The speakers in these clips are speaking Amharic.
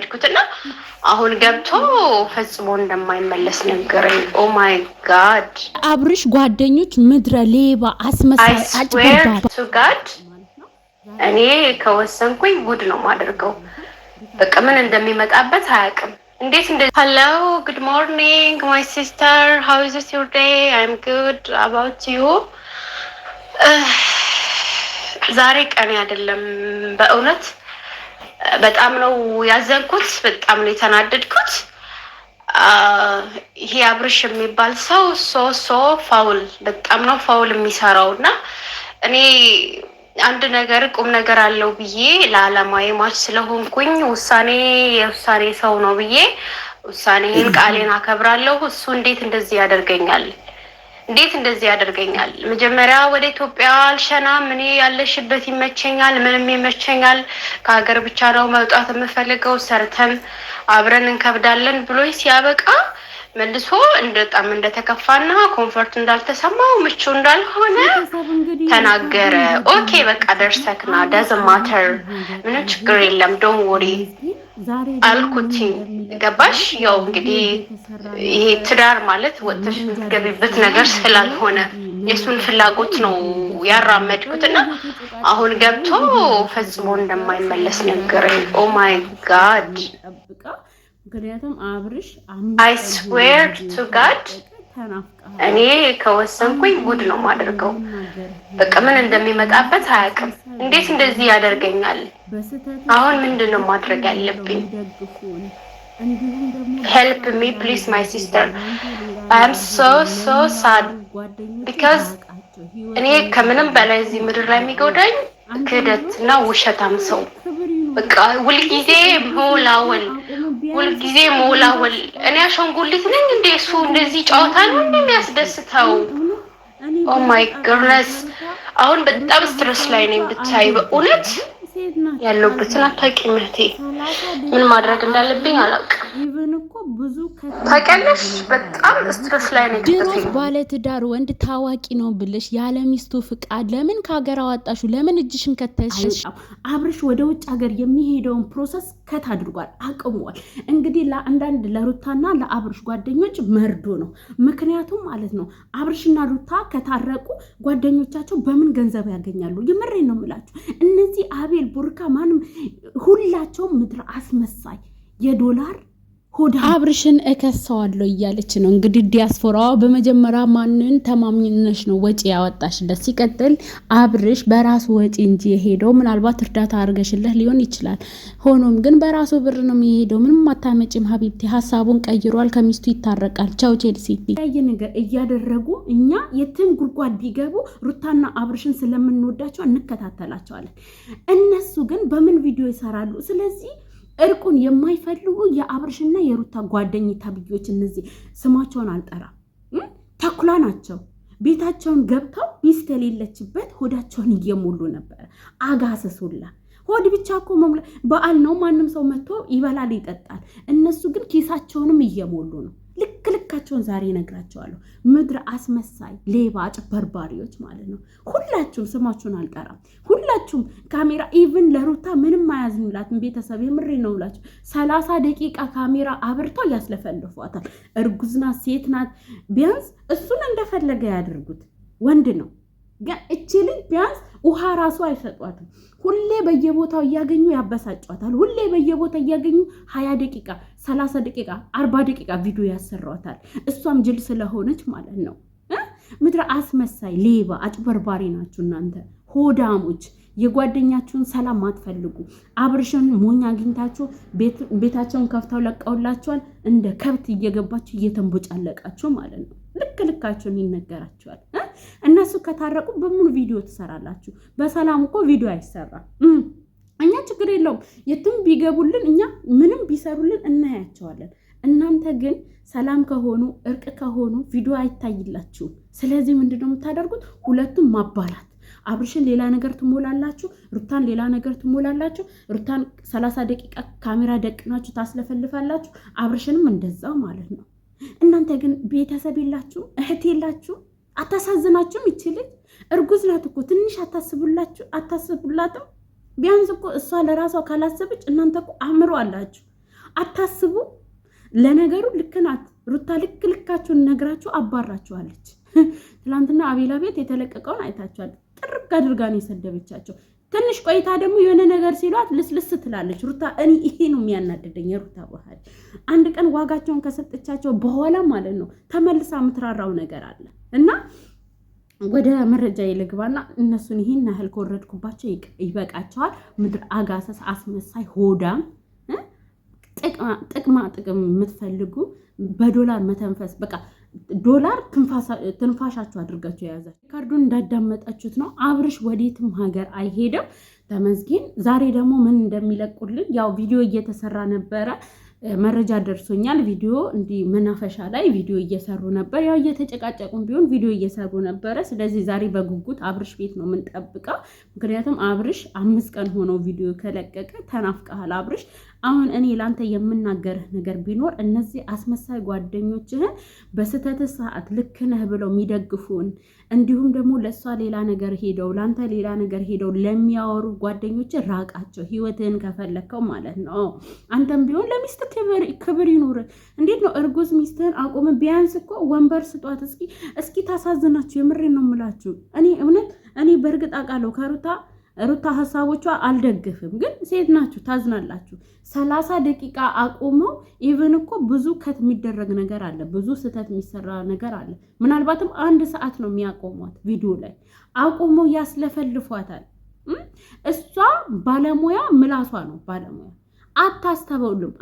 የለመድኩት እና አሁን ገብቶ ፈጽሞ እንደማይመለስ ነገረኝ። ኦ ማይ ጋድ አብርሽ ጓደኞች ምድረ ሌባ አስመሳይ ጋድ እኔ ከወሰንኩኝ ጉድ ነው የማደርገው። በቃ ምን እንደሚመጣበት አያውቅም። እንዴት እንደ ሀሎ ጉድ ሞርኒንግ ማይ ሲስተር ሀው ኢዝ ዩር ዴይ አይም ጉድ አባውት ዩ ዛሬ ቀኔ አይደለም በእውነት በጣም ነው ያዘንኩት። በጣም ነው የተናደድኩት። ይሄ አብርሽ የሚባል ሰው ሶ ሶ ፋውል በጣም ነው ፋውል የሚሰራው እና እኔ አንድ ነገር ቁም ነገር አለው ብዬ ለዓላማዊ ማች ስለሆንኩኝ ውሳኔ የውሳኔ ሰው ነው ብዬ ውሳኔን ቃሌን አከብራለሁ። እሱ እንዴት እንደዚህ ያደርገኛል? እንዴት እንደዚህ ያደርገኛል? መጀመሪያ ወደ ኢትዮጵያ አልሸና ምን ያለሽበት ይመቸኛል፣ ምንም ይመቸኛል። ከሀገር ብቻ ነው መውጣት የምፈልገው፣ ሰርተን አብረን እንከብዳለን ብሎ ሲያበቃ መልሶ በጣም እንደተከፋና ኮንፈርት እንዳልተሰማው ምቹ እንዳልሆነ ተናገረ። ኦኬ በቃ ደርሰክና ደዝ ማተር ምንም ችግር የለም ዶን ወሪ አልኩት ገባሽ? ያው እንግዲህ ይሄ ትዳር ማለት ወጥተሽ የምትገቢበት ነገር ስላልሆነ የእሱን ፍላጎት ነው ያራመድኩት እና አሁን ገብቶ ፈጽሞ እንደማይመለስ ነገረኝ። ኦ ማይ ጋድ አይ ስዌር ቱ ጋድ እኔ ከወሰንኩኝ ጉድ ነው የማደርገው። በቃ ምን እንደሚመጣበት አያውቅም። እንዴት እንደዚህ ያደርገኛል? አሁን ምንድን ነው ማድረግ ያለብኝ? ሄልፕ ሚ ፕሊስ ማይ ሲስተር አም ሶ ሶ ሳድ ቢካዝ እኔ ከምንም በላይ እዚህ ምድር ላይ የሚጎዳኝ ክህደት እና ውሸታም ሰው በቃ ሁልጊዜ መላወል ሁልጊዜ መውላውል እኔ አሻንጉሊት ነኝ እንደ እሱ እንደዚህ ጨዋታ ነው የሚያስደስተው? ኦ ማይ ጎድነስ አሁን በጣም ስትረስ ላይ ነኝ። ብታይ በእውነት ያለሁበትን አታውቂም እህቴ። ምን ማድረግ እንዳለብኝ አላውቅም። ታውቂያለሽ በጣም ስትረስ ላይ ነው። ድሮስ ባለትዳር ወንድ ታዋቂ ነው ብለሽ ያለ ሚስቱ ፍቃድ ለምን ከሀገር አዋጣሹ? ለምን እጅሽን ከተሽ? አብርሽ ወደ ውጭ ሀገር የሚሄደውን ፕሮሰስ ከት አድርጓል፣ አቅሟል። እንግዲህ ለአንዳንድ ለሩታና ለአብርሽ ጓደኞች መርዶ ነው። ምክንያቱም ማለት ነው አብርሽና ሩታ ከታረቁ ጓደኞቻቸው በምን ገንዘብ ያገኛሉ? የምሬ ነው ምላቸው። እነዚህ አቤል ቡርካ፣ ማንም ሁላቸውም ምድር አስመሳይ የዶላር አብርሽን እከሰዋለሁ እያለች ነው እንግዲህ ዲያስፖራዋ። በመጀመሪያ ማንን ተማምኝነሽ ነው ወጪ ያወጣሽለት? ሲቀጥል አብርሽ በራሱ ወጪ እንጂ የሄደው ምናልባት እርዳታ አድርገሽለት ሊሆን ይችላል። ሆኖም ግን በራሱ ብር ነው የሄደው። ምንም አታመጪም ሀቢብቲ። ሀሳቡን ቀይሯል። ከሚስቱ ይታረቃል። ቻው ቼልሲ። ያየ ነገር እያደረጉ እኛ የትም ጉድጓድ ቢገቡ ሩታና አብርሽን ስለምንወዳቸው እንከታተላቸዋለን። እነሱ ግን በምን ቪዲዮ ይሰራሉ? ስለዚህ እርቁን የማይፈልጉ የአብርሽና የሩታ ጓደኝ ተብዮች እነዚህ ስማቸውን አልጠራም፣ ተኩላ ናቸው። ቤታቸውን ገብተው ሚስት የሌለችበት ሆዳቸውን እየሞሉ ነበረ። አጋሰሱላ ሆድ ብቻ እኮ መሙላ በዓል ነው። ማንም ሰው መጥቶ ይበላል፣ ይጠጣል። እነሱ ግን ኪሳቸውንም እየሞሉ ነው። ልካቸውን ዛሬ ነግራቸዋለሁ ምድር አስመሳይ፣ ሌባ፣ አጭበርባሪዎች ማለት ነው። ሁላችሁም ስማችሁን አልጠራም። ሁላችሁም ካሜራ ኢቭን ለሩታ ምንም አያዝኑላትም። ቤተሰብ የምሬ ነው ብላችሁ ሰላሳ ደቂቃ ካሜራ አብርተው ያስለፈልፏታል። እርጉዝ ናት፣ ሴት ናት። ቢያንስ እሱን እንደፈለገ ያደርጉት ወንድ ነው። ግን እቺ ልጅ ቢያንስ ውሃ ራሱ አይሰጧትም። ሁሌ በየቦታው እያገኙ ያበሳጫታል። ሁሌ በየቦታው እያገኙ ሀያ ደቂቃ ሰላሳ ደቂቃ አርባ ደቂቃ ቪዲዮ ያሰራታል። እሷም ጅል ስለሆነች ማለት ነው። ምድረ አስመሳይ፣ ሌባ፣ አጭበርባሪ ናችሁ እናንተ ሆዳሞች የጓደኛችሁን ሰላም አትፈልጉ። አብርሽን ሞኝ አግኝታችሁ ቤታቸውን ከፍተው ለቀውላችኋል። እንደ ከብት እየገባችሁ እየተንቦጫለቃችሁ ማለት ነው። ልክ ልካችሁን ይነገራችኋል። እነሱ ከታረቁ በሙሉ ቪዲዮ ትሰራላችሁ። በሰላም እኮ ቪዲዮ አይሰራም። እኛ ችግር የለውም የትም ቢገቡልን እኛ ምንም ቢሰሩልን እናያቸዋለን። እናንተ ግን ሰላም ከሆኑ እርቅ ከሆኑ ቪዲዮ አይታይላችሁም። ስለዚህ ምንድነው የምታደርጉት? ሁለቱም ማባላት አብርሽን ሌላ ነገር ትሞላላችሁ፣ ሩታን ሌላ ነገር ትሞላላችሁ። ሩታን ሰላሳ ደቂቃ ካሜራ ደቅናችሁ ታስለፈልፋላችሁ። አብርሽንም እንደዛው ማለት ነው። እናንተ ግን ቤተሰብ የላችሁ እህት የላችሁም። አታሳዝናችሁም? ይችልኝ እርጉዝ ናት እኮ ትንሽ አታስቡላችሁ? አታስቡላትም? ቢያንስ እኮ እሷ ለራሷ ካላሰበች እናንተ እኮ አእምሮ አላችሁ፣ አታስቡ። ለነገሩ ልክ ናት ሩታ፣ ልክ ልካችሁን ነግራችሁ አባራችኋለች። ትናንትና አቤላ ቤት የተለቀቀውን አይታችኋል። ጥርግ አድርጋ ነው የሰደበቻቸው። ትንሽ ቆይታ ደግሞ የሆነ ነገር ሲሏት ልስልስ ትላለች ሩታ። እኔ ይሄ ነው የሚያናድደኝ የሩታ ባህል። አንድ ቀን ዋጋቸውን ከሰጠቻቸው በኋላ ማለት ነው ተመልሳ የምትራራው ነገር አለ እና ወደ መረጃ ይልግባና እነሱን ይህን ያህል ከወረድኩባቸው ይበቃቸዋል። ምድር አጋሰስ፣ አስመሳይ፣ ሆዳም፣ ጥቅማ ጥቅም የምትፈልጉ በዶላር መተንፈስ በቃ ዶላር ትንፋሻችሁ አድርጋችሁ የያዛችሁ ካርዱን እንዳዳመጣችሁት ነው። አብርሽ ወዴትም ሀገር አይሄድም። ተመስገን ዛሬ ደግሞ ምን እንደሚለቁልን ያው ቪዲዮ እየተሰራ ነበረ መረጃ ደርሶኛል። ቪዲዮ እንዲህ መናፈሻ ላይ ቪዲዮ እየሰሩ ነበር። ያው እየተጨቃጨቁም ቢሆን ቪዲዮ እየሰሩ ነበረ። ስለዚህ ዛሬ በጉጉት አብርሽ ቤት ነው የምንጠብቀው። ምክንያቱም አብርሽ አምስት ቀን ሆነው ቪዲዮ ከለቀቀ ተናፍቀሃል አብርሽ አሁን እኔ ለአንተ የምናገርህ ነገር ቢኖር እነዚህ አስመሳይ ጓደኞችህን በስህተት ሰዓት ልክ ነህ ብለው የሚደግፉን እንዲሁም ደግሞ ለእሷ ሌላ ነገር ሄደው ለአንተ ሌላ ነገር ሄደው ለሚያወሩ ጓደኞች ራቃቸው። ህይወትህን ከፈለግከው ማለት ነው። አንተም ቢሆን ለሚስት ክብር ይኑር። እንዴት ነው እርጉዝ ሚስትህን አቁም። ቢያንስ እኮ ወንበር ስጧት። እስኪ እስኪ ታሳዝናችሁ። የምሬ ነው የምላችሁ። እኔ እውነት እኔ በእርግጥ አውቃለሁ ከሩታ ሩታ ሀሳቦቿ አልደግፍም፣ ግን ሴት ናችሁ ታዝናላችሁ። ሰላሳ ደቂቃ አቁመው ኢቨን እኮ ብዙ ከት የሚደረግ ነገር አለ፣ ብዙ ስህተት የሚሰራ ነገር አለ። ምናልባትም አንድ ሰዓት ነው የሚያቆሟት ቪዲዮ ላይ አቁመው ያስለፈልፏታል። እሷ ባለሙያ ምላሷ ነው ባለሙያ አታስተበውልም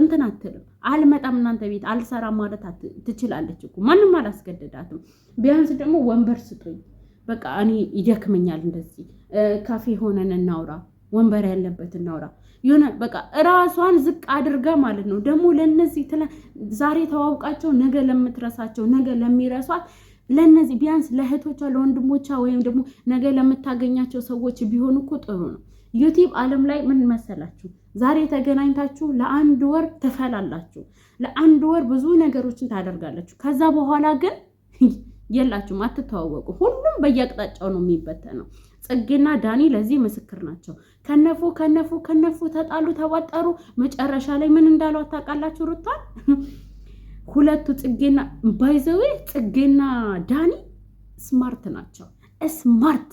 እንትን አትልም። አልመጣም እናንተ ቤት አልሰራ ማለት ትችላለች እኮ ማንም አላስገደዳትም። ቢያንስ ደግሞ ወንበር ስጡኝ፣ በቃ እኔ ይደክመኛል እንደዚህ ካፌ ሆነን እናውራ፣ ወንበር ያለበት እናውራ። የሆነ በቃ እራሷን ዝቅ አድርጋ ማለት ነው። ደግሞ ለነዚህ ዛሬ ተዋውቃቸው ነገ ለምትረሳቸው ነገ ለሚረሷት ለነዚህ ቢያንስ ለእህቶቿ ለወንድሞቿ ወይም ደግሞ ነገ ለምታገኛቸው ሰዎች ቢሆን እኮ ጥሩ ነው። ዩቲብ ዓለም ላይ ምን መሰላችሁ? ዛሬ ተገናኝታችሁ ለአንድ ወር ትፈላላችሁ። ለአንድ ወር ብዙ ነገሮችን ታደርጋላችሁ። ከዛ በኋላ ግን የላችሁም፣ አትተዋወቁ። ሁሉም በየአቅጣጫው ነው የሚበተነው። ጽጌና ዳኒ ለዚህ ምስክር ናቸው። ከነፉ ከነፉ ከነፉ፣ ተጣሉ፣ ተዋጠሩ። መጨረሻ ላይ ምን እንዳለው ታውቃላችሁ? ሩቷል ሁለቱ ጽጌና ባይዘዌ ጽጌና ዳኒ ስማርት ናቸው። ስማርት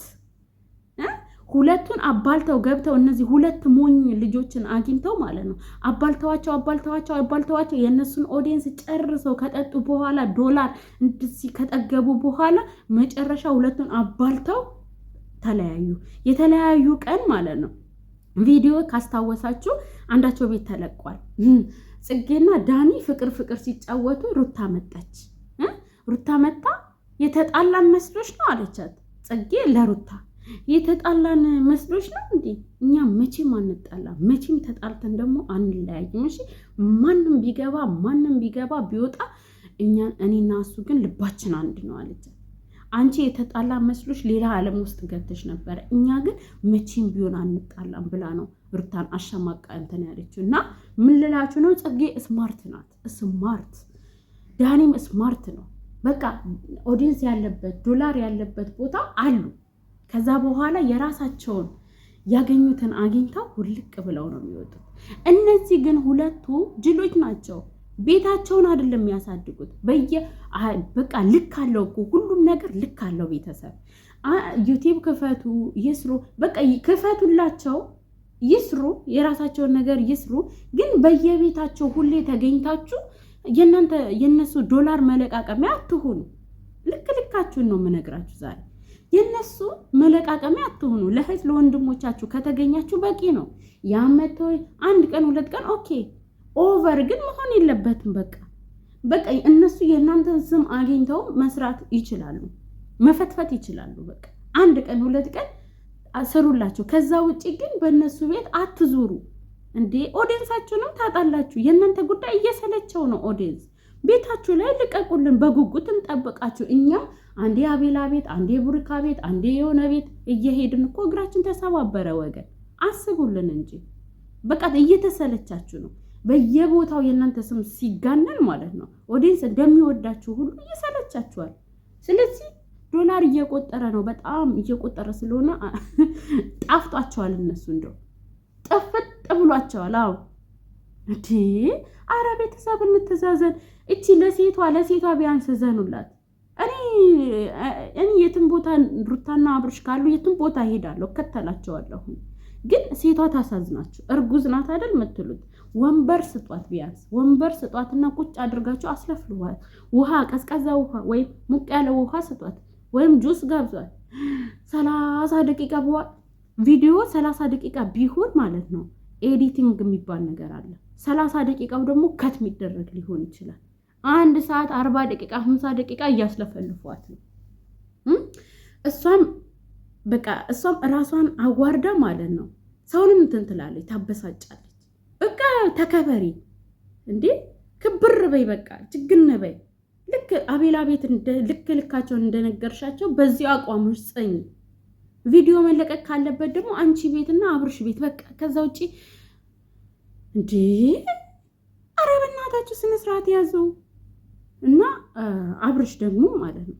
ሁለቱን አባልተው ገብተው እነዚህ ሁለት ሞኝ ልጆችን አግኝተው ማለት ነው አባልተዋቸው አባልተዋቸው አባልተዋቸው የእነሱን ኦዲየንስ ጨርሰው ከጠጡ በኋላ ዶላር እንድሲ ከጠገቡ በኋላ መጨረሻ ሁለቱን አባልተው ተለያዩ። የተለያዩ ቀን ማለት ነው ቪዲዮ ካስታወሳችሁ አንዳቸው ቤት ተለቋል። ጽጌና ዳኒ ፍቅር ፍቅር ሲጫወቱ ሩታ መጣች። ሩታ መጣ የተጣላን መስሎች ነው አለቻት ጽጌ ለሩታ የተጣላን መስሎች ነው እንዴ? እኛ መቼም አንጣላ፣ መቼም ተጣልተን ደግሞ አንለያይም። እሺ ማንም ቢገባ ማንም ቢገባ ቢወጣ እኛ እኔና እሱ ግን ልባችን አንድ ነው አለች። አንቺ የተጣላ መስሎች ሌላ ዓለም ውስጥ ገብተሽ ነበረ። እኛ ግን መቼም ቢሆን አንጣላም ብላ ነው ሩታን አሸማቃ እንትን ያለችው። እና ምን ልላችሁ ነው፣ ጽጌ ስማርት ናት። ስማርት ዳኒም ስማርት ነው። በቃ ኦዲንስ ያለበት ዶላር ያለበት ቦታ አሉ ከዛ በኋላ የራሳቸውን ያገኙትን አግኝተው ውልቅ ብለው ነው የሚወጡት። እነዚህ ግን ሁለቱ ጅሎች ናቸው። ቤታቸውን አይደለም የሚያሳድጉት። በየ በቃ ልክ አለው እኮ ሁሉም ነገር ልክ አለው። ቤተሰብ ዩቲብ ክፈቱ፣ ይስሩ፣ በቃ ክፈቱላቸው፣ ይስሩ፣ የራሳቸውን ነገር ይስሩ። ግን በየቤታቸው ሁሌ ተገኝታችሁ የእናንተ የእነሱ ዶላር መለቃቀሚያ አትሁኑ። ልክ ልካችሁን ነው የምነግራችሁ ዛሬ። የነሱ መለቃቀሚያ አትሆኑ። ለህዝ ለወንድሞቻችሁ ከተገኛችሁ በቂ ነው። ያመቶ አንድ ቀን ሁለት ቀን ኦኬ፣ ኦቨር ግን መሆን የለበትም። በቃ በቃ እነሱ የእናንተ ስም አግኝተው መስራት ይችላሉ፣ መፈትፈት ይችላሉ። በቃ አንድ ቀን ሁለት ቀን ስሩላቸው። ከዛ ውጭ ግን በእነሱ ቤት አትዙሩ። እንዴ ኦዲየንሳችሁንም ታጣላችሁ። የእናንተ ጉዳይ እየሰለቸው ነው ኦዲየንስ። ቤታችሁ ላይ ልቀቁልን፣ በጉጉት እንጠብቃችሁ እኛም አንዴ አቤላ ቤት፣ አንዴ ቡርካ ቤት፣ አንዴ የሆነ ቤት እየሄድን እኮ እግራችን ተሰባበረ። ወገን አስቡልን እንጂ በቃ እየተሰለቻችሁ ነው። በየቦታው የእናንተ ስም ሲጋነን ማለት ነው። ኦዲንስ እንደሚወዳችሁ ሁሉ እየሰለቻችኋል። ስለዚህ ዶላር እየቆጠረ ነው፣ በጣም እየቆጠረ ስለሆነ ጣፍጧቸዋል። እነሱ እንደው ጥፍጥ ብሏቸዋል። አዎ እንዴ! አረ ቤተሰብ እንተዛዘን። እቺ ለሴቷ ለሴቷ ቢያንስ ዘኑላት። እኔ የትም ቦታ ሩታና አብርሽ ካሉ የትም ቦታ ሄዳለሁ፣ እከተላቸዋለሁ። ግን ሴቷ ታሳዝናችሁ። እርጉዝ ናት አይደል የምትሉት? ወንበር ስጧት፣ ቢያንስ ወንበር ስጧትና ቁጭ አድርጋችሁ አስለፍልኋት። ውሃ፣ ቀዝቃዛ ውሃ ወይም ሙቅ ያለ ውሃ ስጧት፣ ወይም ጁስ ጋብዟል። ሰላሳ ደቂቃ በኋላ ቪዲዮ ሰላሳ ደቂቃ ቢሆን ማለት ነው ኤዲቲንግ የሚባል ነገር አለ። ሰላሳ ደቂቃው ደግሞ ከት የሚደረግ ሊሆን ይችላል። አንድ ሰዓት አርባ ደቂቃ ሀምሳ ደቂቃ እያስለፈልፏት ነው። እሷም በቃ እሷም ራሷን አዋርዳ ማለት ነው። ሰውንም እንትን ትላለች፣ ታበሳጫለች። በቃ ተከበሪ እንዴ ክብር በይ፣ በቃ ችግን በይ። ልክ አቤላ ቤት ልክ ልካቸውን እንደነገርሻቸው በዚሁ አቋሞች ጸኝ። ቪዲዮ መለቀቅ ካለበት ደግሞ አንቺ ቤትና አብርሽ ቤት በቃ ከዛ ውጪ እንዴ ኧረ በእናታችሁ ስነስርዓት ያዘው። እና አብርሽ ደግሞ ማለት ነው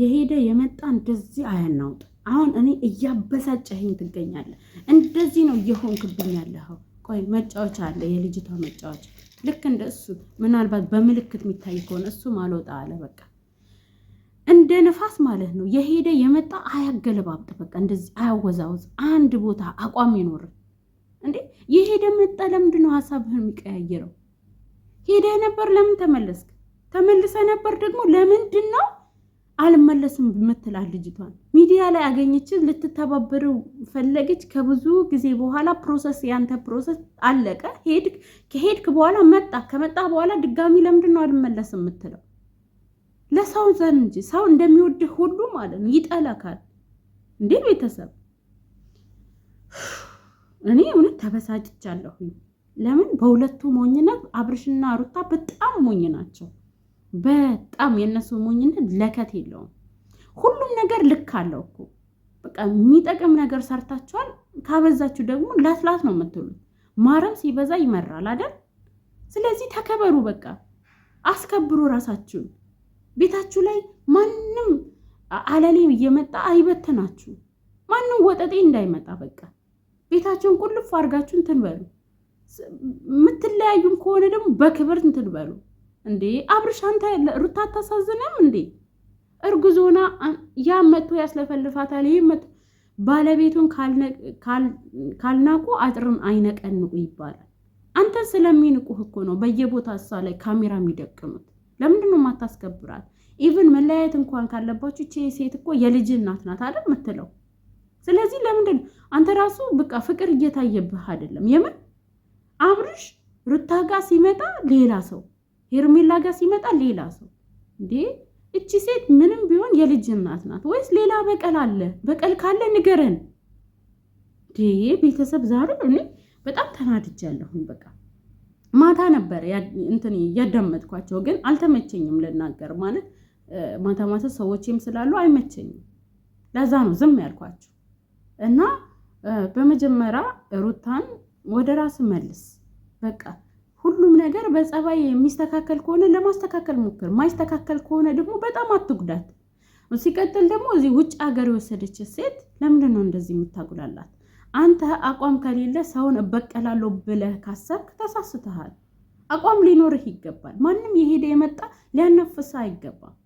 የሄደ የመጣ እንደዚህ አያናውጥ። አሁን እኔ እያበሳጨኸኝ ትገኛለህ። እንደዚህ ነው እየሆንክብኝ ያለኸው። ቆይ መጫወቻ አለ፣ የልጅቷ መጫወቻ ልክ እንደ እሱ ምናልባት በምልክት የሚታይ ከሆነ እሱ ማልወጣ አለ። በቃ እንደ ነፋስ ማለት ነው የሄደ የመጣ አያገለባብጥ። በቃ እንደዚህ አያወዛወዝ። አንድ ቦታ አቋም ይኖር እንዴ? የሄደ መጣ። ለምንድነው ሀሳብህን የሚቀያየረው? ሄደህ ነበር፣ ለምን ተመለስክ? ተመልሰ ነበር ደግሞ ለምንድን ነው አልመለስም ምትላል ልጅቷን ሚዲያ ላይ አገኘች። ልትተባበረው ፈለገች። ከብዙ ጊዜ በኋላ ፕሮሰስ ያንተ ፕሮሰስ አለቀ። ሄድ ከሄድክ በኋላ መጣ። ከመጣ በኋላ ድጋሚ ለምንድን ነው አልመለስም የምትለው? ለሰው ዘን እንጂ ሰው እንደሚወድህ ሁሉ ማለት ነው ይጠላካል እንዴ ቤተሰብ። እኔ እውነት ተበሳጭቻለሁ። ለምን በሁለቱ ሞኝነት አብርሽና ሩታ በጣም ሞኝ ናቸው። በጣም የእነሱ ሞኝነት ለከት የለውም። ሁሉም ነገር ልክ አለው እኮ በቃ የሚጠቅም ነገር ሰርታችኋል። ካበዛችሁ ደግሞ ላትላት ነው የምትሉት። ማረም ሲበዛ ይመራል አይደል? ስለዚህ ተከበሩ፣ በቃ አስከብሩ ራሳችሁን። ቤታችሁ ላይ ማንም አለሌ እየመጣ አይበትናችሁ፣ ማንም ወጠጤ እንዳይመጣ። በቃ ቤታችሁን ቁልፍ አድርጋችሁ እንትን በሉ። የምትለያዩም ከሆነ ደግሞ በክብር እንትን በሉ። እንዴ አብርሽ አንተ ሩታ አታሳዝንም እንዴ? እርጉዝ ሆና ያም መጥቶ ያስለፈልፋታል። ይህ ባለቤቱን ካልናቁ አጥርም አይነቀንቁ ይባላል። አንተ ስለሚንቁህ እኮ ነው በየቦታ እሷ ላይ ካሜራ የሚደቅኑት። ለምንድን ነው የማታስከብራት? ኢቭን መለያየት እንኳን ካለባችሁ ቼ ሴት እኮ የልጅ እናት ናት አይደል የምትለው። ስለዚህ ለምንድን አንተ ራሱ በቃ ፍቅር እየታየብህ አይደለም። የምን አብርሽ ሩታ ጋር ሲመጣ ሌላ ሰው ሄርሜላ ጋር ሲመጣ ሌላ ሰው እንዴ! እቺ ሴት ምንም ቢሆን የልጅ እናት ናት ወይስ ሌላ በቀል አለ? በቀል ካለ ንገረን። ቤተሰብ ዛሬ እኔ በጣም ተናድጃለሁኝ። በቃ ማታ ነበረ እንትን እያዳመጥኳቸው ግን አልተመቸኝም ልናገር። ማለት ማታ ማታ ሰዎችም ስላሉ አይመቸኝም። ለዛ ነው ዝም ያልኳቸው እና በመጀመሪያ ሩታን ወደ ራስ መልስ በቃ ሁሉም ነገር በጸባይ የሚስተካከል ከሆነ ለማስተካከል ሞክር። ማይስተካከል ከሆነ ደግሞ በጣም አትጉዳት። ሲቀጥል ደግሞ እዚህ ውጭ ሀገር የወሰደች ሴት ለምንድን ነው እንደዚህ የምታጉላላት? አንተ አቋም ከሌለ ሰውን እበቀላለሁ ብለህ ካሰብክ ተሳስተሃል። አቋም ሊኖርህ ይገባል። ማንም የሄደ የመጣ ሊያነፍሰ አይገባም።